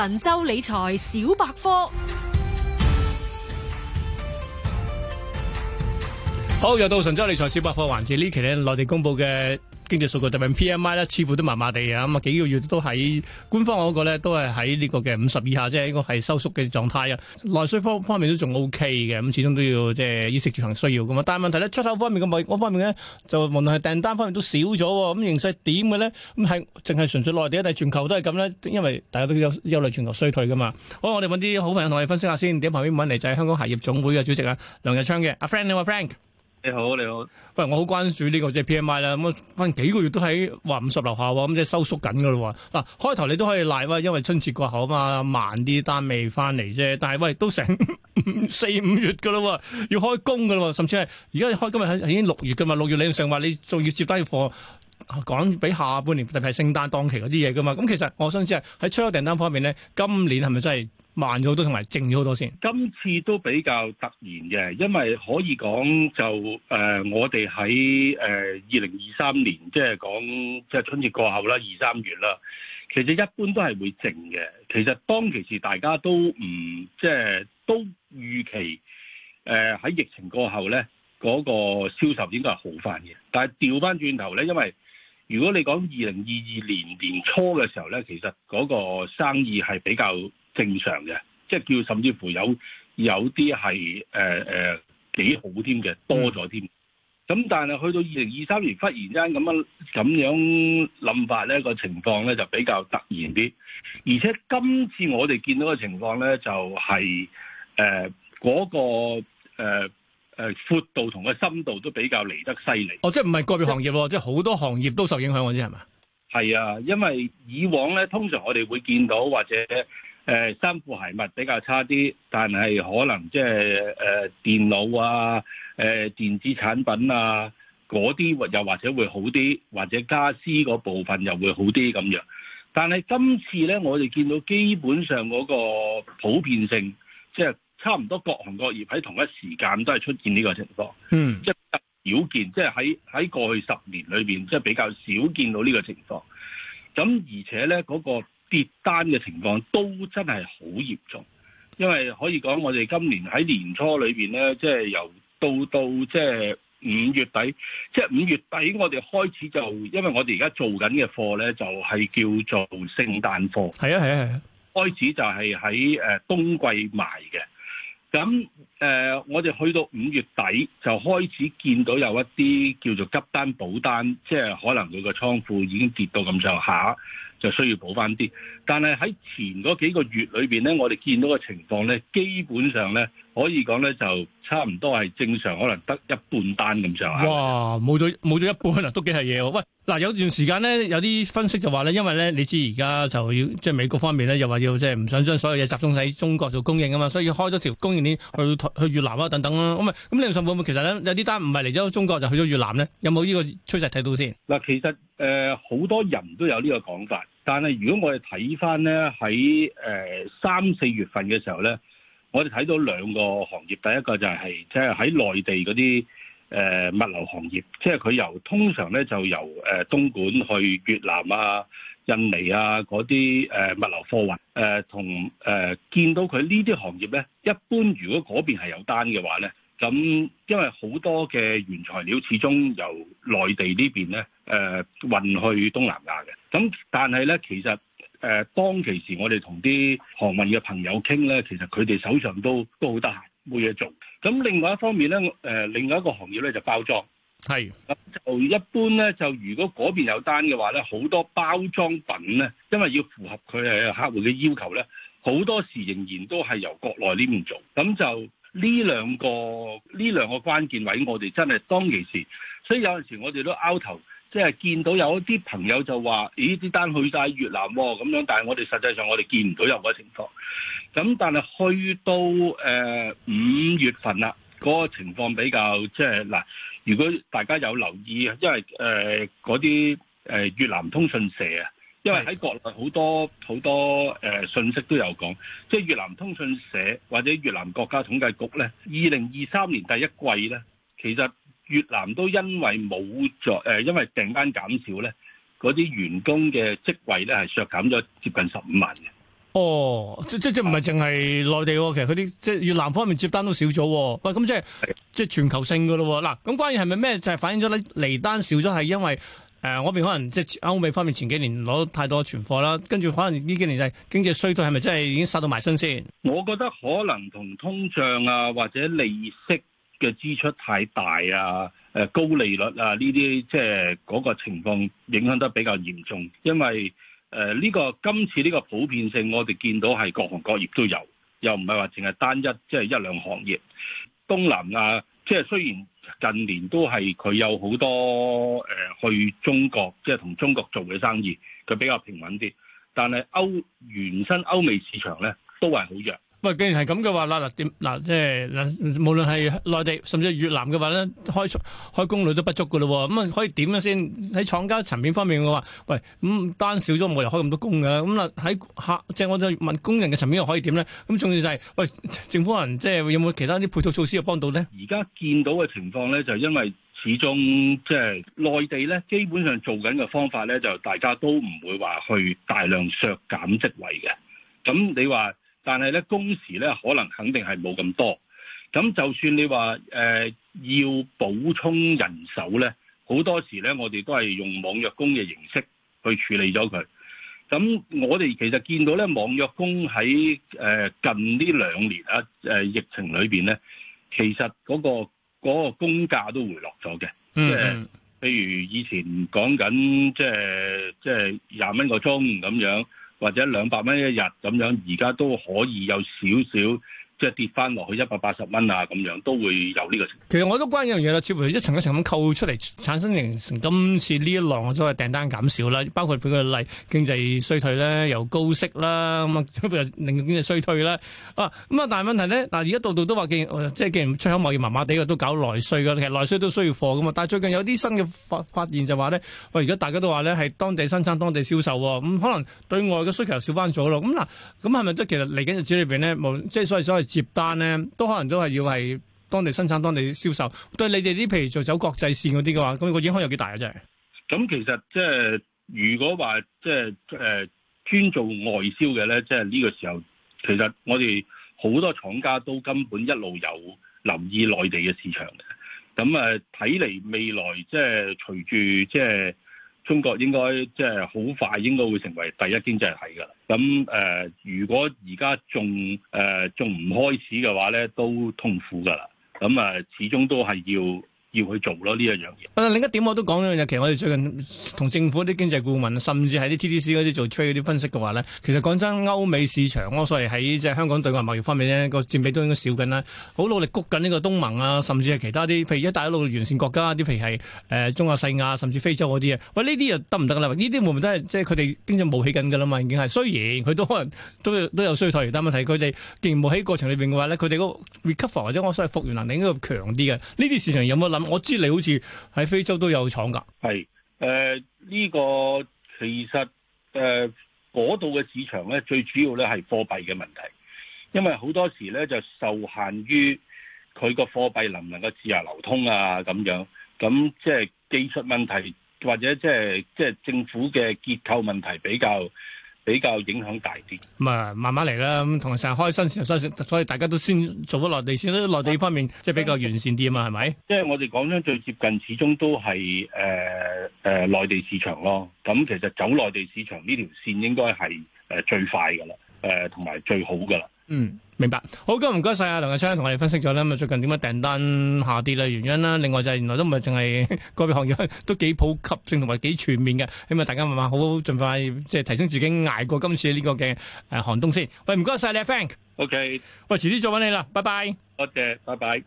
神州理財小百科，好，又到神州理財小百科，環節呢期咧內地公布嘅經濟數據特別 P M I 咧，似乎都麻麻地啊咁啊，幾個月都喺官方嗰個咧，都係喺呢個嘅五十以下即係，呢個係收縮嘅狀態啊。內需方方面都仲 O K 嘅，咁始終都要即係衣食住行需要噶嘛。但係問題咧，出口方面嘅貿易方面咧，就無論係訂單方面都少咗，咁、嗯、形勢點嘅咧？咁係淨係純粹內地但定全球都係咁咧？因為大家都憂憂慮全球衰退噶嘛。好，我哋揾啲好朋友同我哋分析下先。點旁邊揾嚟就係香港鞋業總會嘅主席啊，梁日昌嘅阿 Frank 啊 Frank。你好，你好。喂，我好關注呢、這個隻、就是、PMI 啦。咁、嗯、啊，翻幾個月都喺話五十樓下喎，咁即係收縮緊噶啦。嗱、啊，開頭你都可以賴，喂，因為春節過後啊嘛，慢啲，單未翻嚟啫。但係喂，都成四五月噶啦，要開工噶啦，甚至係而家開今日已經六月噶嘛？六月你要上話你仲要接單要貨，講、啊、俾下半年定係聖誕檔期嗰啲嘢噶嘛。咁、嗯、其實我想知係喺出口訂單方面咧，今年係咪真係？慢咗好多，同埋靜咗好多先。今次都比較突然嘅，因為可以講就誒、呃，我哋喺誒二零二三年，即係講即係春節過後啦，二三月啦，其實一般都係會靜嘅。其實當其時大家都唔即係都預期誒喺、呃、疫情過後呢嗰、嗰個銷售應該係好翻嘅。但係調翻轉頭呢，因為如果你講二零二二年年初嘅時候呢，其實嗰個生意係比較正常嘅，即係叫甚至乎有有啲係誒誒幾好添嘅，多咗添。咁但係去到二零二三年，忽然間咁樣咁樣諗法咧，個情況咧就比較突然啲。而且今次我哋見到嘅情況咧，就是，就係誒嗰個誒誒闊度同個深度都比較嚟得犀利。哦，即係唔係個別行業，嗯、即係好多行業都受影響，嗰啲係嘛？係啊，因為以往咧，通常我哋會見到或者。誒衫褲鞋襪比較差啲，但係可能即係誒電腦啊、誒、呃、電子產品啊嗰啲或又或者會好啲，或者家私嗰部分又會好啲咁樣。但係今次咧，我哋見到基本上嗰個普遍性，即係差唔多各行各業喺同一時間都係出現呢個情況，即係少見，即係喺喺過去十年裏邊，即係比較少見到呢個情況。咁而且咧嗰個跌單嘅情況都真係好嚴重，因為可以講我哋今年喺年初裏邊呢，即係由到到即係五月底，即係五月底我哋開始就，因為我哋而家做緊嘅貨呢，就係叫做聖誕貨。係啊係啊係啊，開始就係喺誒冬季賣嘅。咁誒，我哋去到五月底就開始見到有一啲叫做急單補單，即係可能佢個倉庫已經跌到咁上下。就需要補翻啲，但係喺前嗰幾個月裏邊咧，我哋見到嘅情況咧，基本上咧，可以講咧就差唔多係正常，可能得一半單咁上下。哇！冇咗冇咗一半啊，都幾係嘢喂，嗱，有段時間咧，有啲分析就話咧，因為咧你知而家就要即係美國方面咧，又話要即係唔想將所有嘢集中喺中國做供應啊嘛，所以要開咗條供應鏈去去越南啊等等啦、啊。咁啊咁，你哋上會唔會其實咧有啲單唔係嚟咗中國就去咗越南咧？有冇呢個趨勢睇到先？嗱，其實誒好、呃、多人都有呢個講法。但係，如果我哋睇翻咧，喺誒三四月份嘅時候咧，我哋睇到兩個行業，第一個就係即係喺內地嗰啲誒物流行業，即係佢由通常咧就由誒東莞去越南啊、印尼啊嗰啲誒物流貨運，誒、呃、同誒、呃、見到佢呢啲行業咧，一般如果嗰邊係有單嘅話咧。咁，因為好多嘅原材料始終由內地呢邊咧，誒、呃，運去東南亞嘅。咁，但係咧，其實誒、呃，當其時我哋同啲航運嘅朋友傾咧，其實佢哋手上都都好得閒，冇嘢做。咁另外一方面咧，誒、呃，另外一個行業咧就是、包裝。係咁是就一般咧，就如果嗰邊有單嘅話咧，好多包裝品咧，因為要符合佢誒客戶嘅要求咧，好多時仍然都係由國內呢邊做，咁就。呢兩個呢兩個關鍵位，我哋真係當其時，所以有陣時我哋都拗頭，即係見到有一啲朋友就話，咦，啲單去晒越南喎、哦，咁樣。但係我哋實際上我哋見唔到有嗰情況。咁但係去到誒五、呃、月份啦，嗰、嗰個情況比較即係嗱，如果大家有留意，因為誒嗰啲誒越南通訊社啊。因為喺國內好多好多誒信、呃、息都有講，即係越南通訊社或者越南國家統計局咧，二零二三年第一季咧，其實越南都因為冇咗誒，因為訂單減少咧，嗰啲員工嘅職位咧係削減咗接近十五萬嘅。哦，即即即唔係淨係內地、啊，其實嗰啲即係越南方面接單都少咗、啊，喂咁即係的即係全球性噶咯、啊。嗱，咁關於係咪咩就係、是、反映咗咧？離單少咗係因為？誒、呃，我邊可能即係歐美方面前幾年攞太多存貨啦，跟住可能呢幾年就經濟衰退係咪真係已經殺到埋身先？我覺得可能同通脹啊或者利息嘅支出太大啊，誒、呃、高利率啊呢啲即係嗰個情況影響得比較嚴重，因為誒呢、呃這個今次呢個普遍性我哋見到係各行各業都有，又唔係話淨係單一即係、就是、一兩行業，東南亞、啊。即係雖然近年都係佢有好多誒去中國，即係同中國做嘅生意，佢比較平穩啲，但係歐，原生歐美市場咧都係好弱。喂，既然係咁嘅話啦，嗱點，嗱即係無論係內地甚至越南嘅話咧，開開工率都不足噶咯，咁、嗯、啊可以點咧先喺廠家層面方面嘅話，喂咁、嗯、單少咗，冇人開咁多工嘅啦，咁啦喺客即係我再問工人嘅層面又可以點咧？咁仲要就係喂，政府人即係有冇其他啲配套措施去幫到咧？而家見到嘅情況咧，就因為始終即係內地咧，基本上做緊嘅方法咧，就大家都唔會話去大量削減職位嘅，咁你話？但係咧工時咧可能肯定係冇咁多，咁就算你話誒、呃、要補充人手咧，好多時咧我哋都係用網約工嘅形式去處理咗佢。咁我哋其實見到咧網約工喺誒近呢兩年啊誒、呃、疫情裏邊咧，其實嗰、嗰個、嗰個工價都回落咗嘅，即係譬如以前講緊即係即係廿蚊個鐘咁樣。或者兩百蚊一日咁樣，而家都可以有少少。即係跌翻落去一百八十蚊啊，咁樣都會有呢個情況。其實我都關係一樣嘢啦，似乎一層一層咁扣出嚟，產生形成今次呢一浪所謂訂單減少啦。包括譬如例經濟衰退咧，又高息啦，咁啊，又令經濟衰退啦。啊，咁啊，但係問題咧，嗱，而家度度都話見，即係既然出口貿易麻麻地嘅都搞內需嘅，其實內需都需要貨嘅嘛。但係最近有啲新嘅發發現就話咧，喂，而家大家都話咧係當地生產、當地銷售喎，咁可能對外嘅需求少翻咗咯。咁、啊、嗱，咁係咪都其實嚟緊日子裏邊咧，無即係所謂所謂。接單咧，都可能都係要係當地生產、當地銷售。對你哋啲譬如做走國際線嗰啲嘅話，咁個影響有幾大啊？真係咁其實即係如果話即係誒專做外銷嘅咧，即係呢個時候，其實我哋好多廠家都根本一路有留意內地嘅市場嘅。咁啊，睇嚟未來即係隨住即係。中國應該即係好快應該會成為第一經濟體㗎，咁誒、呃、如果而家仲誒仲唔開始嘅話咧，都痛苦㗎啦，咁誒、呃、始終都係要。要去做咯呢一樣嘢。啊，另一點我都講咗，其實我哋最近同政府啲經濟顧問，甚至係啲 TDC 嗰啲做 trade 嗰啲分析嘅話呢，其實講真歐美市場咯，所謂喺即係香港對外貿易方面呢個佔比都應該少緊啦。好努力谷緊呢個東盟啊，甚至係其他啲，譬如一帶一路完善國家啲，譬如係誒中亞、西亞甚至非洲嗰啲啊。喂，呢啲又得唔得㗎啦？呢啲會唔會都係即係佢哋經濟冒起緊㗎啦嘛？已經係雖然佢都可能都都有衰退，但係問題佢哋既然冒起過程裏邊嘅話呢，佢哋個 recover 或者我所謂復原能力應該強啲嘅。呢啲市場有冇諗？我知你好似喺非洲都有廠噶係誒呢個其實誒嗰度嘅市場咧，最主要咧係貨幣嘅問題，因為好多時咧就受限於佢個貨幣能唔能夠自由流通啊，咁樣，咁即係技術問題，或者即係即係政府嘅結構問題比較。比較影響大啲，咁啊慢慢嚟啦。咁同埋成日開新線，所以所以大家都先做咗內地先啦。內地方面即係比較完善啲啊嘛，係咪吧？即係我哋講真，最接近始終都係誒誒內地市場咯。咁、嗯、其實走內地市場呢條線應該係誒、呃、最快噶啦。誒，同埋最好噶啦。嗯，明白。好，咁唔該晒阿梁日昌同我哋分析咗啦，咪最近點解訂單下跌啦，原因啦，另外就係原來都唔係淨係個別行業，都幾普及性，性同埋幾全面嘅。希望大家咪好盡快，即係提升自己，捱過今次呢個嘅誒寒冬先。喂，唔該晒你，thank。Frank、OK。喂，遲啲再搵你啦，拜拜。多謝，謝，拜拜。